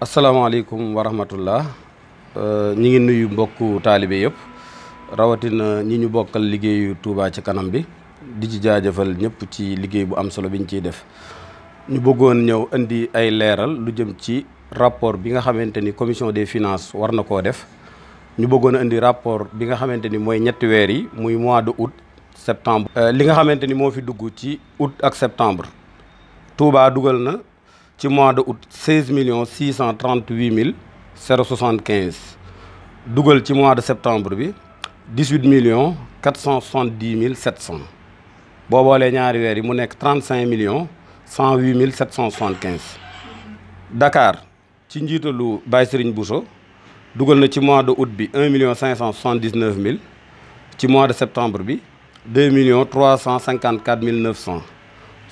asalaamaaleykum wa rahmatullah euh, ñi ngi nuyu mbokk taalibe yëpp rawatina ñi ñu bokkal liggéeyu Touba ci kanam bi di ci jaajëfal ñëpp ci liggéey bu am solo bi ñu ciy def ñu bëggoon ñëw indi ay leeral lu jëm ci rapport bi nga xamante ni commission des finances war na koo def ñu bëggoon indi rapport bi nga xamante ni mooy ñetti weer yi muy mois de août septembre. Euh, li nga xamante ni moo fi dugg ci août ak septembre Touba dugal na. ci mois de août seize million six cent trente huit mille zéro soixante quinze dugal ci mois de septembre bi dix huit million quatre cent soixante dix mille sept cent boo boolee ñaari weer yi mu nekk trente cinq million cent huit mille sept cent soixante quinze dakaar ci njiitalu Baye Serigne Bousso dugal na ci mois de août bi un million cinq cent soixante dix neuf mille ci mois de septembre bi deux million trois cent cinquante quatre mille neuf cent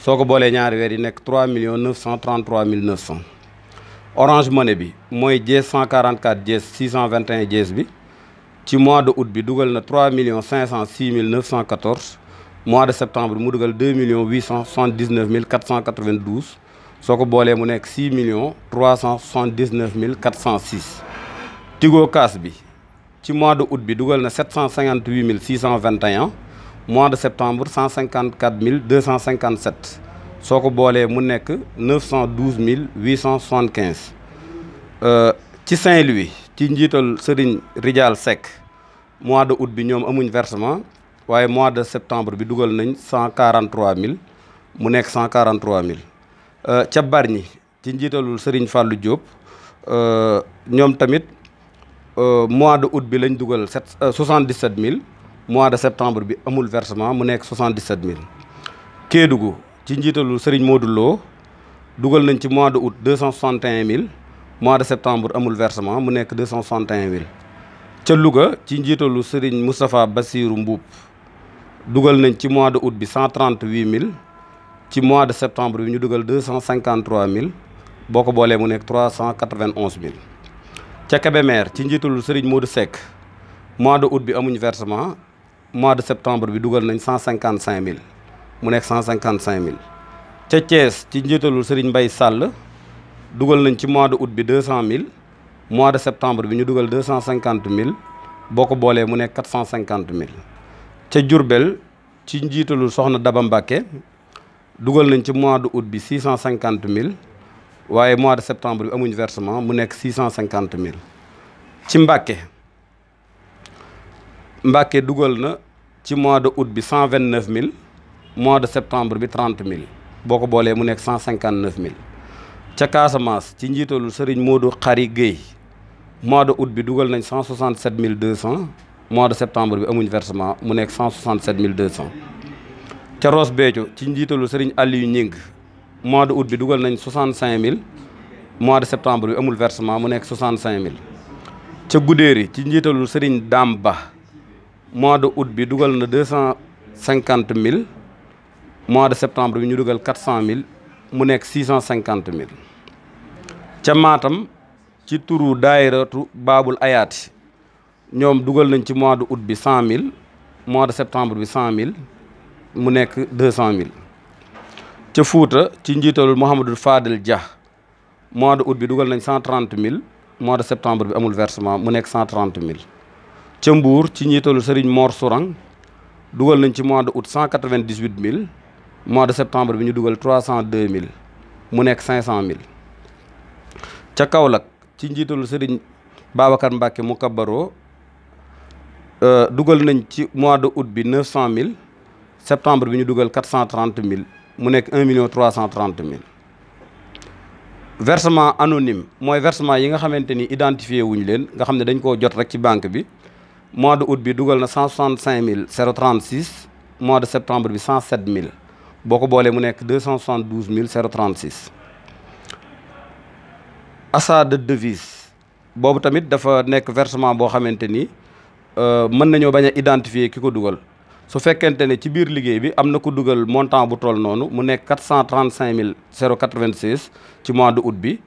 soo ko boolee ñaari weer yi nekk 3 millions 933 mille 900 orange money bi mooy jees 144 jees 621 jees bi ci mois de août bi dugal na 3 millions 506 mille 914 mois de septembre mu dugal 2 millions 879 mille 492 soo ko boolee mu nekk 6 millions 379 mille 406 Tigo Cash bi ci mois de août bi dugal na 758 mille 621 mois de septembre cent cinquante quatre mille deux cent cinquante sept soo ko boolee mu nekk neuf cent mille huit cent soixante quinze euh, ci Saint-Louis ci njiital Serigne Ridial Seck mois de août bi ñoom amuñ versement waaye mois de septembre bi dugal nañ cent quarante trois mille mu nekk cent quarante trois mille euh, ca Bargny ci njiitalul Serigne Fallou Diop euh, ñoom tamit mois de août bi lañ dugal sept soixante dix sept mille. mois de septembre bi amul versement mu nekk 77000 Kédougou ci njiitalu Serigne Modou Lo dugal nañ ci mois de août 261000 mois de septembre amul versement mu nekk 261000 ca Louga ci njiitalu Serigne Moustapha Bassirou Mbuub dugal nañ ci mois de août bi 138000 ci mois de septembre bi ñu dugal 253000 boo ko boolee mu nekk 391000 ca Kébémer ci njiitalu Serigne Modou Seck mois de août bi amuñu versement mois de septembre bi dugal nañ cent cinquante cinq mille mu nekk cent cinquante cinq mille ca Thiès ci njiitalul Serigne Mbaye Sall dugal nañ ci mois de août bi deux cent mille mois de septembre bi ñu dugal deux cent cinquante mille boo boolee mu nekk quatre cent cinquante mille ca Diourbel ci njiitalul soxna Daba Mbacké dugal nañ ci mois de août bi six cent cinquante mille waaye mois de septembre bi amuñ versement mu nekk six cent cinquante mille ci Mbacké Mbàkke dugal na ci mois de août bi cent vingt neuf mille mois de septembre bi trent mille boo ko boolee mu nekk cent cinquante neuf mille ca Casamance ci njiitalul Serigne Modou xari Guèye mois de août bi dugal nañ cent soixante sept mille deux cent mois de septembre bi amuñ versement cent soixante sept mille deux cent ca Ross Béthio ci njiitalul Serigne Aliou Ñing mois de août dugal nañ soixante cinq mille mois de septembre bi amul versement mu nekk soixante cinq mille ca Goudéry ci njiitalul Serigne Dame Ba mois de août bi dugal na deux cent cinquante mille mois de septembre bi ñu dugal quatre cent mille mu nekk six cent cinquante mille ca Matam ci turu daayiratu baabul ayaati ñoom dugal nañ ci mois de août bi cent mille mois de septembre bi cent mille mu nekk deux cent mille ca Fuuta ci njiitalul Mouhamadou Fadel Dia mois de août bi dugal nañ cent trente mille mois de septembre bi amul versement mu nekk cent trente mille ca Mbour ci njiitalu Serigne Mor Sourang dugal nañ ci mois de août cent quatre-vingt-dix-huit mille mois de septembre bi ñu dugal trois cent deux mille mu nekk cinq cent mille ca Kaolack ci njiitalu Serigne Babacar Mbacke mu kabaro euh, dugal nañ ci mois de août bi neuf cent mille septembre bi ñu dugal quatre cent trente mille mu nekk un million trois cent trente mille versement anonyme mooy versement yi nga xamante ni identifié wuñu leen nga xam ne dañ koo jot rek ci banque bi mois de août bi dugal na cent soixante mille zéro trente six mois de septembre bi cent sept mille boo ko boolee mu nekk deux cent soixante douze mille zéro trente six achat de devise boobu tamit dafa nekk versement boo xamante ni euh, mën nañoo bañ a identifier ki ko dugal su fekkente ne ci biir liggéey bi am na ko dugal montant bu toll noonu mu nekk quatre cent trente cinq mille zéro quatre vingt seize ci mois de août bi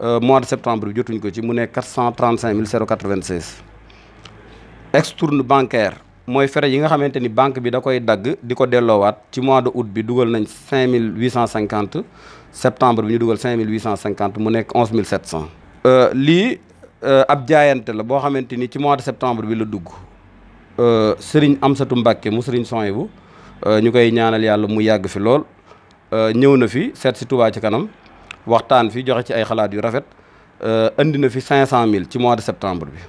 euh, mois de septembre bi jotuñ ko ci mu nekk quatre cent trente cinq mille zéro quatre vingt seize extourne bancaire mooy frais yi nga xamante ni banque bi da koy dagg di ko delloowaat ci mois de août bi dugal nañ cinq mille huit cent cinquante septembre bi ñu dugal cinq mille huit cent cinquante mu nekk onze mille sept cent. Euh, lii euh, ab jaayante la boo xamante ni ci mois de septembre bi la dugg euh, Serigne Amsatou Mbacke mu Serigne Sohaibou ñu koy ñaanal yàlla mu yàgg fi lool ñëw na fi seet si Touba ci kanam waxtaan fi joxe ci ay xalaat yu rafet indi na fi cinq cent mille ci mois de septembre bi.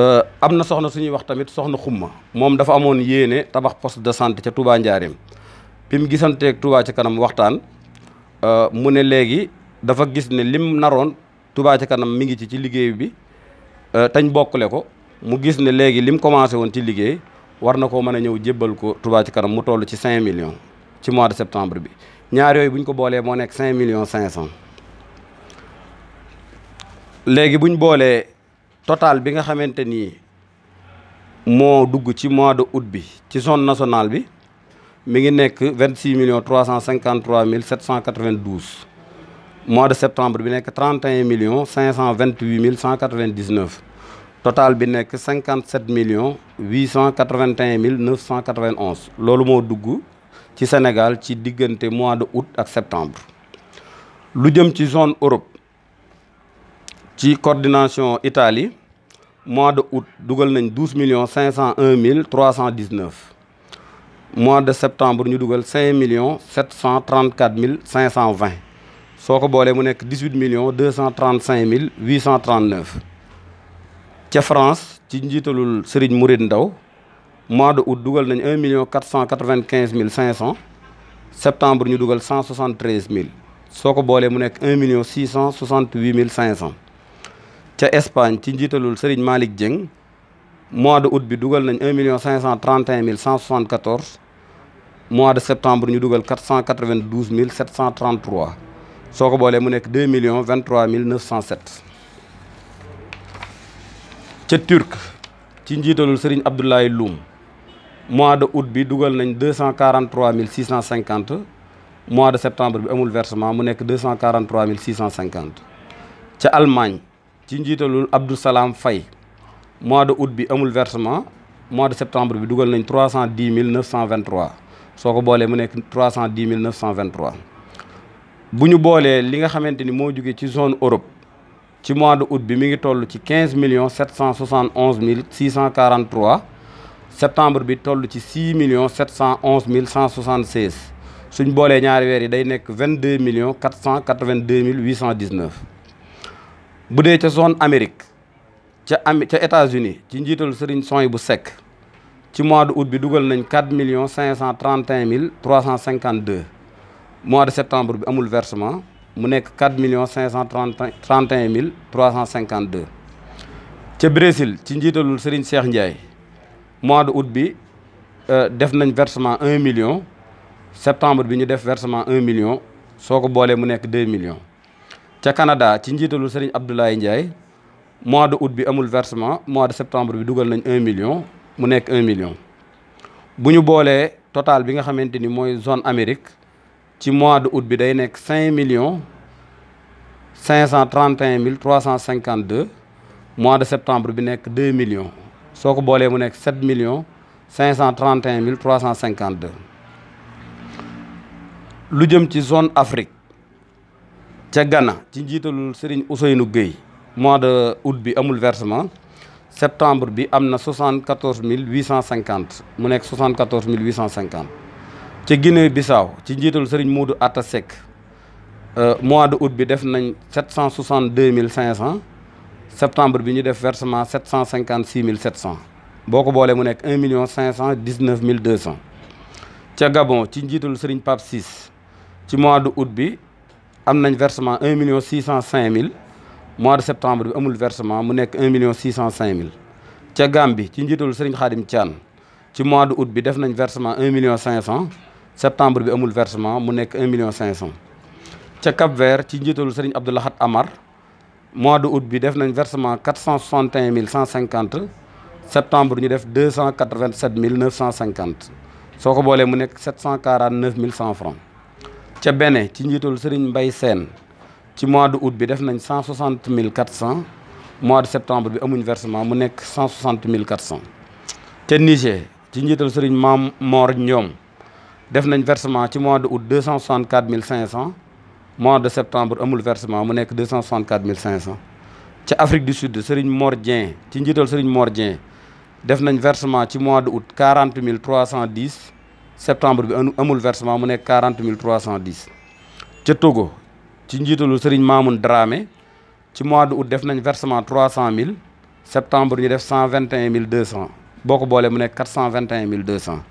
Euh, am na soxna suñuy wax tamit soxna xumma moom dafa amoon yéene tabax poste de santé ca Touba Njaareem bi mu gisanteeg Touba ci kanam waxtaan euh, mu ne léegi dafa gis ne lim naroon tubaa ci kanam mi ngi ci ci liggéey bi euh, tañ bokkule ko mu gis ne léegi lim commencé woon ci liggéey war na ko mën a ñëw jébbal ko Touba ci kanam mu toll ci cinq millions ci mois de septembre bi ñaar yooyu bu ñu ko boolee moo nekk 5 millions 500 léegi bu boolee. total bi nga xamante ni moo dugg ci mois de août bi ci zone nationale bi mi ngi nekk vingt six millions trois cent cinquante trois mille cent quatre mois de septembre bi nekk trente et un millions cinq cent vingt huit mille cent quatre vingt dix total bi nekk cinquante sept million huit mille neuf cent quatre loolu moo dugg ci Sénégal ci diggante mois de août ak septembre lu jëm ci zone Europe ci coordination Italie mois de août dugal nañ douze million cinq cent un mille trois cent dix neuf mois de septembre ñu dugal cinq millions sept cent trente quatre mille cinq cent vingt soo ko boolee mu nekk dix huit million deux cent trente cinq mille huit cent trente neuf ca France ci njiitalul Serigne Mouride Ndaw mois de août dugal nañ un million quatre cent quatre vingt quinze mille cinq cent septembre ñu dugal cent soixante treize mille soo ko boolee mu nekk un million six cent soixante huit mille cinq ca Espagne ci njiitalul Serigne Malick Dieng mois de août bi dugal nañ 1 million 531 mille 174 mois de septembre ñu dugal 492 mille 733 soo ko boolee mu nekk million millions 23 mille 907 ca Turc ci njiitalul Serigne Abdoulaye Loum mois de août bi dugal nañ 243 mille 650 mois de septembre bi amul versement mu nekk 243 mille 650 ca Allemagne ci njiitalul Abdou salaam Faye mois de août bi amul versement mois de septembre bi dugal nañ trois cent dix mille neuf cent vingt trois soo ko boolee mu nekk trois cent dix mille neuf cent bu ñu boolee li nga xamante ni moo jóge ci zone Europe ci mois de août bi mi ngi toll ci quinze millions sept cent soixante onze mille six cent quarante septembre bi toll ci six millions sept cent onze mille cent soixante seize suñ boolee ñaari weer yi day nekk vingt deux millions quatre cent quatre vingt deux mille huit cent dix bu dee ca zone Amérique ca am ca États-Unis ci njiital Serigne Son bu Seck ci mois de août bi dugal nañ 4 millions 531 mille 352 mois de septembre bi amul versement mu nekk 4 millions 531 mille 352 ca Brésil ci njiitalul Serigne Cheikh Ndiaye mois de août bi euh, def nañ versement 1 million septembre bi ñu def versement 1 million soo ko boolee mu nekk 2 millions ca Canada ci njiitalul Serigne Abdoulaye Ndiaye mois de août bi amul versement mois de septembre bi dugal nañ un million mu nekk un million bu ñu boolee total bi nga xamante ni mooy zone Amérique ci mois de août bi day nekk cinq millions cinq cent trente et un mille trois cent cinquante deux mois de septembre bi nekk million soo ko boolee mu nekk sept millions cinq cent et un mille trois cent cinquante deux lu jëm ci zone Afrique. ca Ghana ci njiitalul Serigne Ousseynou Gueye mois de août bi amul versement septembre bi am na 74 850 mu nekk 74 850 ca Guinée Bissau ci njiitalul Serigne Modou Atta Seck euh, mois de août bi def nañ 762 500 septembre bi ñu def versement 756 700 boo ko boolee mu nekk 1 million 519 200 ca Gabon ci njiitalul Serigne Pape Ciss ci mois de août bi. am nañ versement un million six cent cinq mille mois de septembre bi amul versement mu nekk un million six cent cinq mille ca Gambie ci njiitalu Serigne Khadim Thian ci mois de août bi def nañ versement un million cinq cent septembre bi amul versement mu nekk un million cinq cent ca Cap Vert ci njiitalu Serigne Abdou Lahat Amar mois de août bi def nañ versement et un mille cent cinquante septembre ñu def deux cent quatre mille neuf cent cinquante soo ko boolee mu nekk sept cent quarante neuf mille cent francs ca Bénin ci njiitul Serigne Mbaye seen ci mois de août bi def nañ cent soixante mille quatre cent mois de septembre bi amuñ versement mu nekk cent soixante mille quatre cent ca Niger ci njiital Serigne Mam Mor Ñoom def nañ versement ci mois de août deux cent soixante quatre mille cinq cent mois de septembre amul versement mu nekk deux cent soixante quatre mille cinq cent ca Afrique du Sud Serigne Mor Dieng ci njiital Serigne Mor Dieng def nañ versement ci mois de août quarante mille trois cent dix septembre bi amul versement mu nekk quarante mille trois cent dix ca Togo ci njiitalu Serigne Mamoun Dramé ci mois de août def nañ versement trois cent mille septembre ñu def cent vingt et mille deux cent boo ko boolee mu nekk quatre cent vingt et un mille deux cent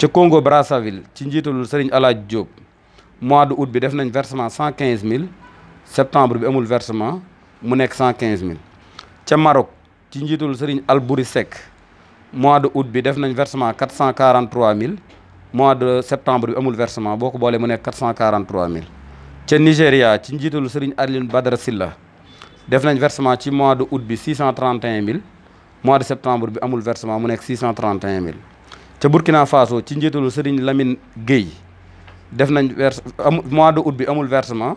ca Congo Brazzaville ci njiitalu Serigne El Hadj Diop mois de août bi def nañ versement cent quinze mille septembre bi amul versement mu nekk cent quinze mille ca Maroc ci njiitalu Serigne Albouri Seck mois de août bi def nañ versement quatre cent quarante mille mois de septembre bi amul versement boo ko boolee mu nekk 443000 ca Nigéria ci njiitalu Serigne Alioune Badara Silla def nañ versement ci mois de août bi 631000 mois de septembre bi amul versement mu nekk 631000 ca Burkina Faso ci njiitalu Serigne Lamine Guèye def nañ verse mois de août bi amul versement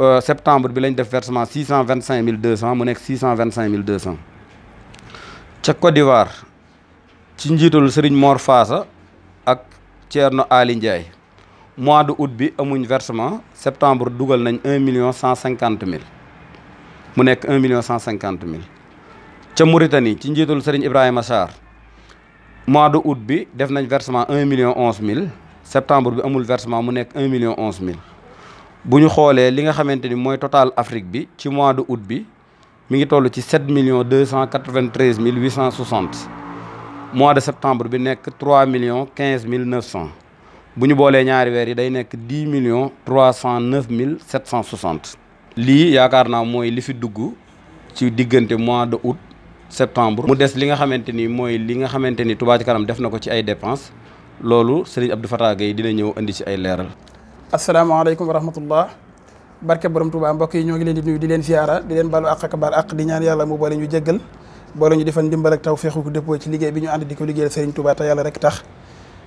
euh, septembre bi lañ def versement 625200 mu nekk 625200 ca Côte d'Ivoire ci njiitalu Serigne Mor Faasa Thierno Ali Ndiaye mois de août bi amuñ versement septembre dugal nañ un million cent cinquante mille mu nekk un million cent cinquante mille ca Mauritanie ci njiitul Serigne Ibrahima Sarr mois de août bi def nañ versement un million onze mille septembre bi amul versement mu nekk un million onze mille bu ñu xoolee li nga xamante ni mooy total Afrique bi ci mois de août bi mu ngi toll ci sept million deux cent quatre mille huit cent soixante mois de septembre bi nekk trois millions quinze mille neuf cent bu ñu boolee ñaari weer yi day nekk dix millions trois cent neuf mille sept cent soixante. lii yaakaar naa mooy li fi dugg ci diggante mois de août septembre. mu des li nga xamante ni mooy li nga xamante ni Touba Ca Kanam def na ko ci ay dépenses loolu Serigne Abdou Fatah yi dina ñëw indi ci ay leeral. asalaamaaleykum wa rahmatullah barke borom Touba mbokk yi ñoo ngi leen di nuyu di leen ziara di leen balu àq ñaan yàlla mu boole ñu jéggal. boole ñu defal ndimbal taw feexu ko dëppoo ci liggéey bi ñu ànd di ko liggéeyal Serigne Touba te yàlla rek tax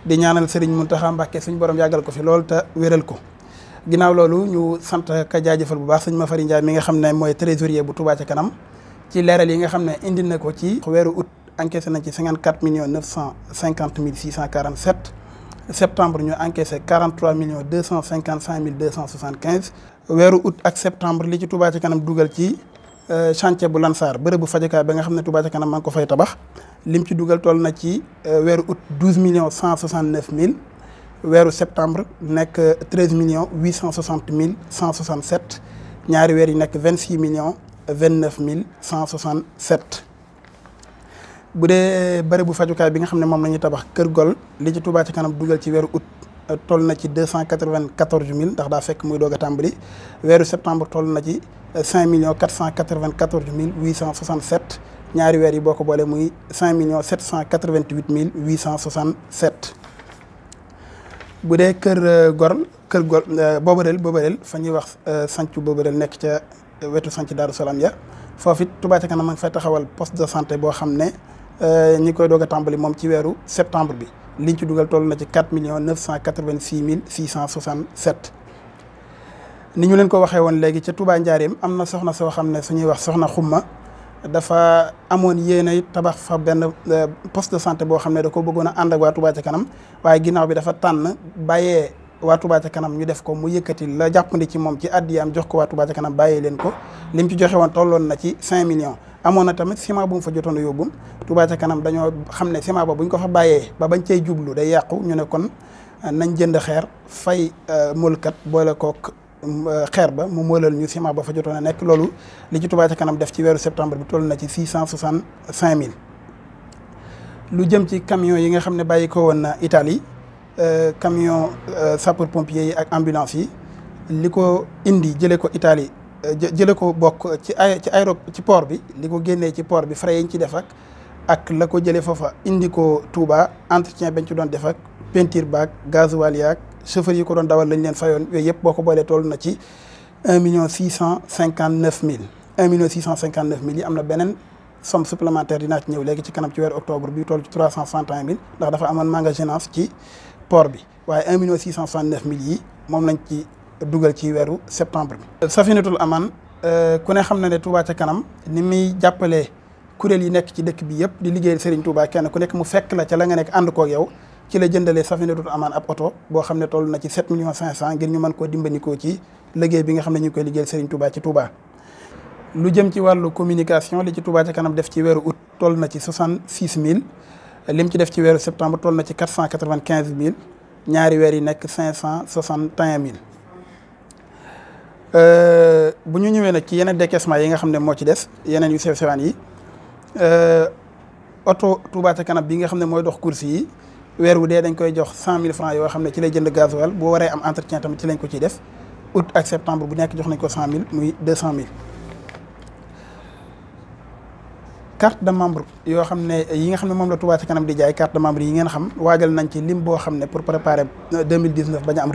di ñaanal Serigne Mountakha Mbacké suñu borom yàggal ko fi lool te wéral ko ginnaaw loolu ñu sant ka jaajëfal bu baax sëñ Mafari Ndiaye mi nga xam ne mooy trésorier bu Touba ca kanam ci leeral yi nga xam ne indi na ko ci weeru août encaissé nañ ci 54 millions 950 mille 647 septembre ñu encaissé 43 millions 255 mille 275 weeru août ak septembre li ci Touba ca kanam dugal ci Euh, chantier bu Lansar bu fajukaay ba nga xam ne Touba ca kanam maa ngi ko fay tabax lim ci dugal toll na ci euh, weeru août douze million cent soixante neuf mille weeru septembre nekk euh, treize million huit cent soixante mille cent soixante sept ñaari yi nekk vingt six millions vingt neuf mille cent soixante sept bu dee bërëbu fajukaay bi nga xam ne moom la ñuy tabax Kër Gol li ci Touba ca kanam dugal ci weeru août. toll na ci deux cent quatre-vingt-quatorze mille ndax daa fekk muy doog a tàmbali weeru septembre toll na ci cinq millions quatre cent quatre-vingt-quatorze mille huit cent soixante ñaari weer yi boo ko boolee muy cinq millions sept cent quatre-vingt-huit bu dee kër euh, gor kër gor euh, boobareel boobareel fa ñuy wax euh, sanc boobareel nekk ca wetu sanc Daaru Salaam ya foofu it Touba ca kanam a ngi fay taxawal poste de santé boo xam ne ñi koy doog tàmbali moom ci weeru septembre bi liñ ci dugal toll na ci quatre million neuf cent quatre-vingt-six mille six cent soixante-sept ni ñu leen ko waxee woon léegi ca Touba Njaareem am na soxna soo xam ne su ñuy wax soxna ma dafa amoon yéene tabax fa benn euh, poste de santé boo xam ne da ko bëggoon a ànd ak waa Touba ca kanam waaye ginnaaw bi dafa tànn bàyyee waa Touba ca kanam ñu def ko mu yëkkati la jàppandi ci moom ci addiyaam jox ko waa Touba ca kanam bàyyee leen ko lim ci joxe woon tolloon na ci cinq millions amoon na tamit ciment bu fa jotoon a yóbbum Touba kanam dañoo xam ne ciment ba buñ ko fa bàyyee ba bañ cay jublu da yàqu ñu ne kon euh, nañ jënd xeer fay euh, molkat boole kook euh, xeer ba mu moolal ñu ciment ba fa jotoon a nekk loolu li ci Touba kanam def ci weeru septembre bi toll na ci six cent soixante cinq mille lu jëm ci camion yi nga xam ne bàyyi ko woon na Italie camion sapeur pompier yi ak ambulance yi li ko indi jële ko Italie jële ko bokk ci ay ci aéro ci port bi li ko génnee ci port bi frais yi ñu ci def ak la ko jëlee foofa indi ko Touba entretien bañ ci doon def ak peinture baak gasoil yaak chauffeur yi ko doon dawal lañ leen fayoon yooyu yëpp boo ko boolee toll na ci un million cent cinquante mille un million six cent cinquante yi am na beneen somme supplémentaire dinaa ci ñëw léegi ci kanam ci weer octobre bi tool ci trois cent soixante et mille ndax dafa amoon manque de gênance ci port bi waaye un million six cent soixante neuf yi moom lañ ci dugal ci weeru septembre bi. Safinatul Aman euh, ku ne xam na ne Touba ca kanam ni muy jàppalee kuréel yi nekk ci dëkk bi yëpp di liggéeyal Serigne Touba kenn ku nekk mu fekk la ca la nga nekk ànd koog yow ci la jëndalee Safinatul Aman ab oto boo xam ne toll na ci 7 millions 500 ngir ñu mën koo dimbanikoo ci liggéey bi nga xam ne ñu ngi koy liggéeyal Serigne Touba ci Touba. lu jëm ci wàllu communication li ci Touba ca kanam def ci weeru ut toll na ci 66000 lim ci def ci weeru septembre toll na ci 495000 ñaari weer yi nekk 571000. Euh, bu ñu ñëwee nag ci yeneen décaissement yi nga xam ne moo ci des yeneen yu sew sewaan yi euh, oto Touba ca kanam bi nga xam ne mooy dox course yi weer wu dee dañ koy jox cent mille francs yoo xam ne ci lay jënd gasoil boo waree am entretien tamit ci lañ ko ciy def août ak septembre bu nekk jox nañ ko cent mille muy deux de membre yoo xam ne yi nga xam ne moom la Touba ca kanam di jaay carte de membre yi ngeen xam waajal nañ ci lim boo xam ne pour préparer 2019 bañ a am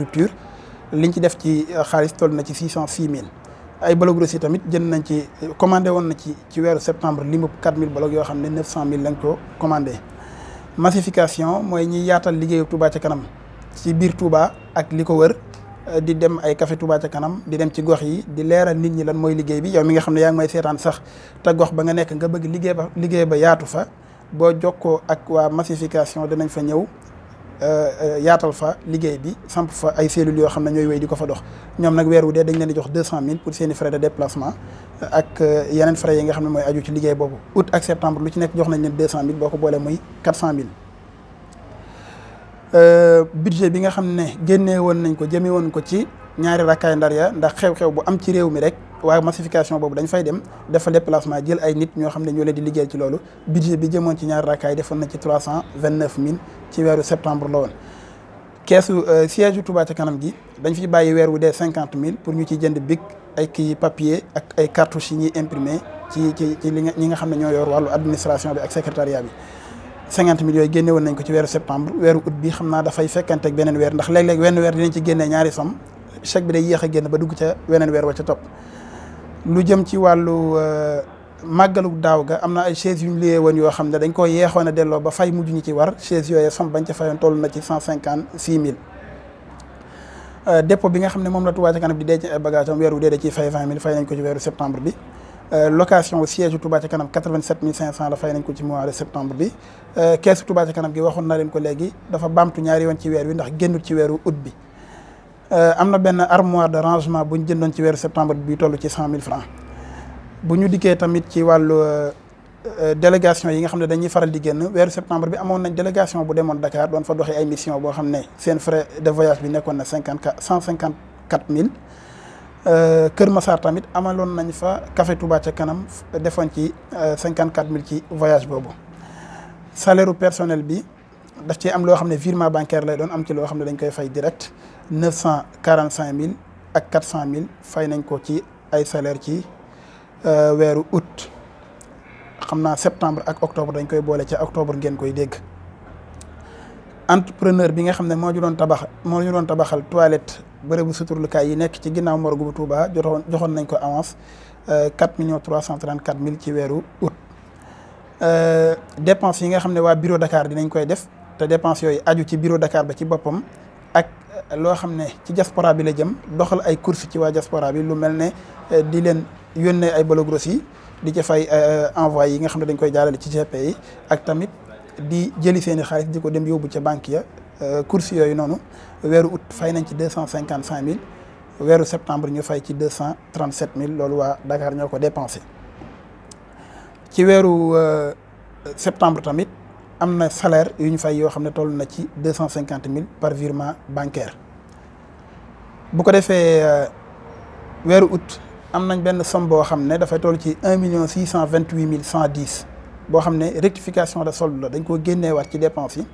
li liñ ci def ci euh, xaalis toll na ci six cent six mille ay bloc aussi tamit jënd nañ ci commandé woon na ci ci weeru septembre limu 4000 bloc yoo xam ne 900000 lañ ko commandé massification mooy ñi yaatal liggéeyu Touba ca kanam ci biir Touba ak li ko wër euh, di dem ay café Touba ca kanam di dem ci gox yi di leeral nit ñi lan mooy liggéey bi yow mi nga xam ne yaa ngi may seetaan sax te gox ba nga nekk nga bëgg liggéey ba liggéey ba yaatu fa boo jokkoo ak waa massification dinañ fa ñëw Euh, euh, yaatal fa liggéey bi samp fa ay cellules yoo xam ne ñooy wéy di ko fa dox ñoom nag weer wu dee dañ leen di jox deux cent mille pour seeni frais de déplacement ak euh, yeneen frais yi nga xam ne mooy aju ci liggéey boobu out ak septembre lu ci nekk jox nañ leen deux cent mille boo ko boolee muy quatre cent mille budget bi nga xam ne génnee woon nañ ko jëmee woon ko ci ñaari rakkaay ndar ya ndax xew-xew bu am ci réew mi rek waaye massification boobu dañ fay dem dafa déplacement jël ay nit ñoo xam ne ñoo leen di liggéey ci loolu budget bi jëmoon ci ñaar rakkaay defoon na ci trois cent vingt neuf mille ci weeru septembre la woon. keesu euh, siège yu Touba ca kanam gi dañ fiy bàyyi weer wu cinquante mille pour ñu ci jënd bic ay kii ak ay cartouches yi ñuy imprimé ci ci ci li nga ñi nga xam ne ñoo yor wàllu administration bi ak secrétariat bi. cinquante mille yooyu génne woon nañ ko ci weeru septembre weeru août bi xam naa dafay fekkante ak beneen weer ndax léeg-léeg wenn weer dinañ ci génne ñaari som chèque bi day yéex a génn ba dugg ca weneen weer wa ca topp. lu jëm ci wàllu euh, màggalu daaw ga am na ay chaise yu ñu liyee woon yoo xam ne dañ ko yeexoon a delloo ba fay mujj ñu ci war chaise yooyu sam bañ ca fayoon toll na ci cent cinquante six mille euh, dépôt bi nga xam ne moom la Touba ca kanam di denc weer wu dee da ciy fay vingt mille fay nañ ko ci weeru septembre bi euh, location au ca kanam la fay nañ ci mois de septembre bi keesu Touba gi waxoon na leen ko léegi dafa baamtu ñaari yoon ci weer wi ndax génnut ci weeru août bi Euh, am na benn armoire de rangement bu ñu jëndoon ci weeru septembre bi toll ci cent mille francs bu ñu dikkee tamit ci wàllu euh, euh, délégation yi nga xam ne dañuy faral di génn weeru septembre bi amoon nañ délégation bu demoon Dakar doon fa doxee ay boo xam ne seen frais de voyage bi nekkoon na cinquante quatre cent cinquante quatre mille Kër Massar tamit amaloon nañ fa Café Touba ca kanam defoon ci cinquante quatre mille ci voyage boobu salaire personnel bi daf ci am loo xam ne virement bancaire lay doon am ci loo xam ne dañ koy fay direct neuf cent quarant cinq mille ak quatre cent mille fay nañ ko ci ay salaire ci euh, weeru août xam naa septembre ak octobre dañ koy boole ci octobre ngeen koy dégg entrepreneur bi nga xam ne moo ñu doon tabax moo ñu doon tabaxal toilette bërëbu suturlukaay yi nekk ci ginnaaw morgue bu Touba jotoon joxoon nañ ko avance euh, quatre millions trois cent trente quatre mille ci weeru août. Euh, dépense yi nga xam ne waa bureau Dakar dinañ koy def te dépense yooyu aju ci bureau Dakar ba ci boppam ak loo xam ne ci diaspora bi la jëm doxal ay courses ci waa diaspora bi lu mel ne euh, di leen yónnee ay bologros yi di ca fay euh, euh, envoyé yi nga xam ne dañ koy jaarale ci GP yi ak tamit di jëli seen i xaalis di ko dem yóbbu ca banque ya courses yooyu noonu weeru août fay nañ ci deux cent cinquante cinq mille weeru septembre ñu fay ci deux cent trente sept mille loolu waa Dakar ñoo ko dépensé ci weeru septembre tamit. am na salaire yu ñu fay yoo xam ne toll na ci deux cent cinquante mille par virement bancaire bu ko defee euh, weeru août am nañ benn somme boo xam ne dafay toll ci un million cent vingt huit mille cent dix boo xam ne rectification de solde la dañ koo génnee waat ci dépense yi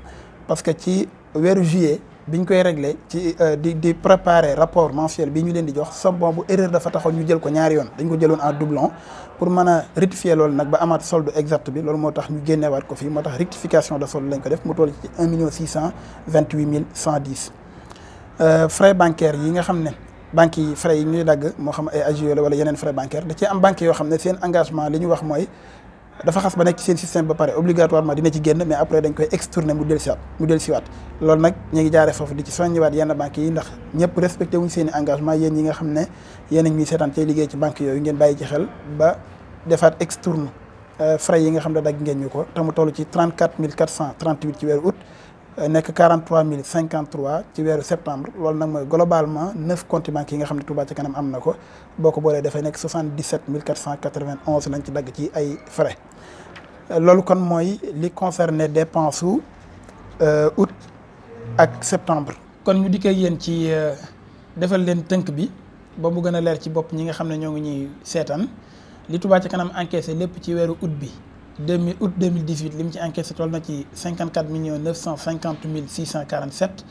parce que ci weeru juillet. biñ koy réglé ci euh, di di préparer rapport mensuel bi ñu leen di jox somme boobu erreur dafa taxoon ñu jël ko ñaari yoon dañ ko jëloon en doublon pour mën a rectifier loolu nag ba amaat solde exact bi loolu moo tax ñu génneewaat ko fii moo tax rectification de solde lañ ko def mu toll ci un million six cent vingt huit mille cent dix euh, frais bancaires yi nga xam ne banque yi frais yi ñuy dagg moo xam ay agios e la wala yeneen frais bancaires da ci am banque yoo xam ne seen engagement li ñu wax mooy dafa xas ba nekk ci seen système ba pare obligatoirement dina ci génn mais après dañ koy extourner mu dellusiwaat mu dellusiwaat loolu nag ñu ngi jaaree foofu di ci soññiwaat yenn banques yi ndax ñëpp respecté wuñ seen i engagement yéen yi nga xam ne yéen a ngi ñuy seetaan tey liggéey ci banque yooyu ngeen bàyyi ci xel ba defaat extourne euh, frais yi nga xam ne dagg ngeen ñu ko te mu toll ci 34 438 ci weeru août nekk 43 053 ci weeru septembre loolu nag mooy globalement neuf comptes yi nga xam ne Touba ca kanam am na ko boo ko boolee dafay nekk 77 491 lañ ci dagg ci ay frais loolu kon mooy li conserné dépense su euh, août ak septembre. kon ñu dikkee yéen ci euh, defal leen tënk bi ba mu gën a leer ci bopp ñi nga xam ne ñoo ngi ñuy seetaan li Touba ca kanam encaissé lépp ci weeru août bi. demi août 2018 li mu ci encaissé toll na ci 54 millions 950 mille 647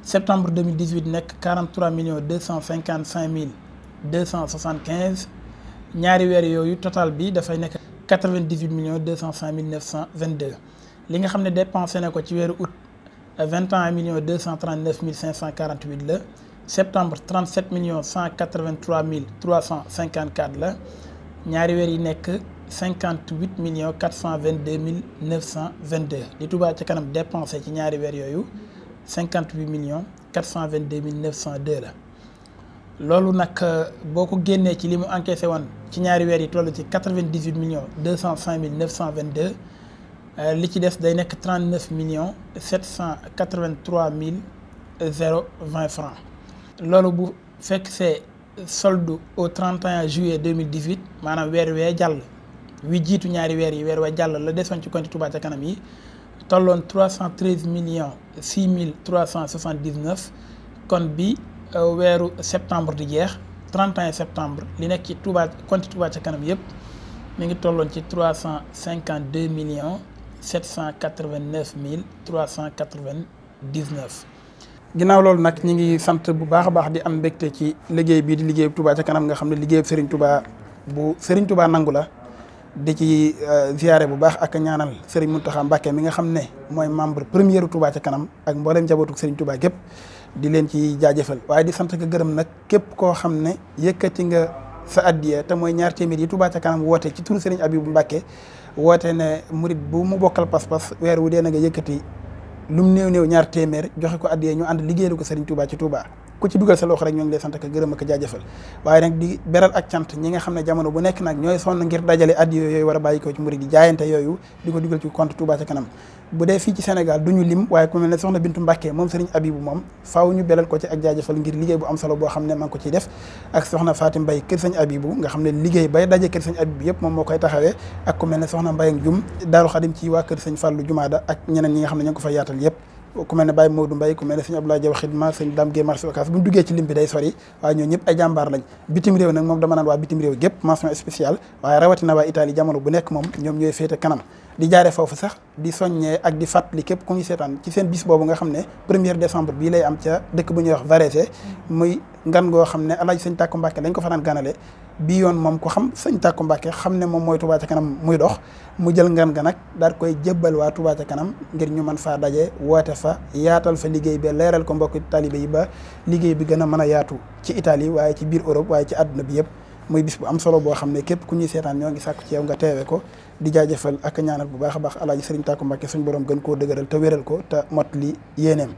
septembre 2018 nekk 43 millions 255 mille 275 ñaari weer yooyu total bi dafay nekk 98 millions 205 mille 922 li nga xam ne dépensé na ko ci weeru août 21 millions 239 mille 548 la septembre 37 millions 183 mille 354 la ñaari weer yi nekk. cinquante huit millions quatre cent vingt deux mille neuf cent vingt deux li Touba ca ci ñaari weer yooyu cinquante huit millions quatre cent vingt deux mille neuf cent deux loolu nag euh, boo ko génnee ci li mu encaissé woon ci ñaari weer yi toll ci quatre vingt dix huit millions deux cent cinq mille neuf cent euh, li ci des day nekk trente neuf millions sept cent quatre vingt trois mille zéro vingt francs loolu bu fekk c'est solde au 31 juillet 2018 maanaam weer wee jàll wi jiitu ñaari weer yi weer wa jàll la desoon ci compte Touba ca kanam yi tolloon trois cent treize millions six mill trois cent soixante dix neuf kon bi euh, weeru septembre di jeex 31 septembre li nekk ci Touba compte ca kanam yëpp mu ngi tolloon ci trois cent cinquante deux millions sept cent mille trois cent quatre ginnaaw loolu nag ñu ngi sant bu baax a baax di am mbégte ci liggéey bii di liggéey Touba ca kanam nga xam ne liggéey Serigne Touba bu seriñ Touba nangu la. di ci euh, ziare bu baax ak ñaanal Serigne Mountakha Mbacké mi nga xam ne mooy membre première Touba ca kanam ak mboolem njabootu Serigne Touba gépp di leen ci jaajëfal waaye di sant ka gërëm nag képp koo xam ne yëkkati nga sa addiya te mooy ñaar téeméer yi Touba ca kanam woote ci turu Serigne Abibou Mbacké woote ne murit bu mu bokkal pas-pas weer wu dee na nga yëkkati lum néew-néew ñaar téeméer joxe ko addiya ñu ànd liggéeyal ko Serigne Touba ci Touba. ku ci dugal sa loxo rek ñoo ngi lay sant ak gërëm ak jaajëfal waaye nag di beral ak cant ñi nga xam ne jamono bu nekk nag ñooy sonn ngir dajale addi yooyu war a bàyyi ko ci murid di jaayante yooyu di ko dugal ci compte Touba ca kanam bu dee fii ci Sénégal du ñu lim waaye ku mel ne soxna Bintu Mbàkke moom Sëriñ Abibu moom faaw ñu belal ko ci ak jaajëfal ngir liggéey bu am solo boo xam ne ma ko ciy def ak soxna Fatim Mbay kër Sëriñ Abibu nga xam ne liggéey bay daje kër Sëriñ yëpp moom moo koy taxawee ak ku mel ne soxna Mbay ak Jum Daaru Xadim ci waa kër Sëriñ Fàllu Jumaada ak ñi nga xam ne ñoo ko fa yaatal yëpp ku mel ne Baye Modou Mbaye ku mel ne sëñ Abdoulaye Diaw xidma sëñ Dame Guèye Marché Ocass bu ñu duggee ci lim bi day sori waaye ñoo ñëpp ay jàmbaar lañ bitim réew nag moom dama naan waa bitim réew gépp mention spéciale waaye rawatina waa Italie jamono bu nekk moom ñoom ñooy féete kanam di jaare foofu sax di soññee ak di fàttali képp ku ñu seetaan ci seen bis boobu nga xam ne premier décembre bii lay am ca dëkk bu ñuy wax Varese muy ngan goo xam ne Alaaji sëñ Tàkku Mbàkke lañ ko fanaan ganale bi yoon moom ko xam sëñ Tàkku Mbàkke xam ne moom mooy Tuubaa ca kanam muy dox mu jël ngan ga nag daal koy jëbbal waa Touba kanam ngir ñu mën faa daje woote fa yaatal fa liggéey bi leeral ko mbokk talibe yi ba liggéey bi gën a mën a yaatu ci Italie waaye ci biir Europe waaye ci àdduna bi yëpp muy bis bu am solo boo xam ne képp ku ñuy seetaan ñoo ngi sàkku ci yow nga teewe ko di jaajëfal ak ñaanal bu baax a baax alaaji sëriñ Tàkku Mbàkke suñ borom gën koo dëgëral te wéral ko te mot li yéeneem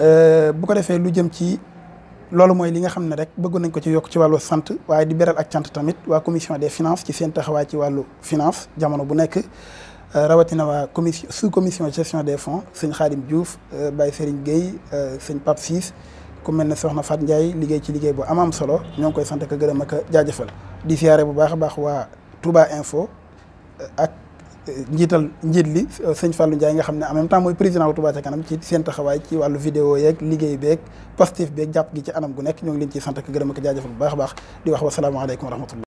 euh, bu ko defee lu jëm ci loolu mooy li nga xam ne rek bëgg nañ ko ci yokk ci wàllu sant waaye di beral ak cant tamit waa commission des finances ci seen taxawaay ci wàllu finance jamono bu nekk euh, rawatina waa commission sous commission gestion des fonds sëñ Xaadim Diouf euh, Baye Serigne Gueye euh, sëñ Pape Ciss ku mel ne Soxna Fat Ndiaye liggéey ci liggéey bu am am solo ñoo ngi koy sant ak gërëm ak jaajëfal di siyaare bu baax a baax waa Touba Info ak njiital njiit li euh, sëñ Fallou Ndiaye nga xam ne en même temps mooy président ci seen taxawaay ci wàllu vidéo yeeg liggéey beeg positif beeg jàpp gi ci anam gu nekk ñoo ngi leen ciy sant ak gërëm ak baax a baax di wax wasalaamaaleykum wa rahmatullah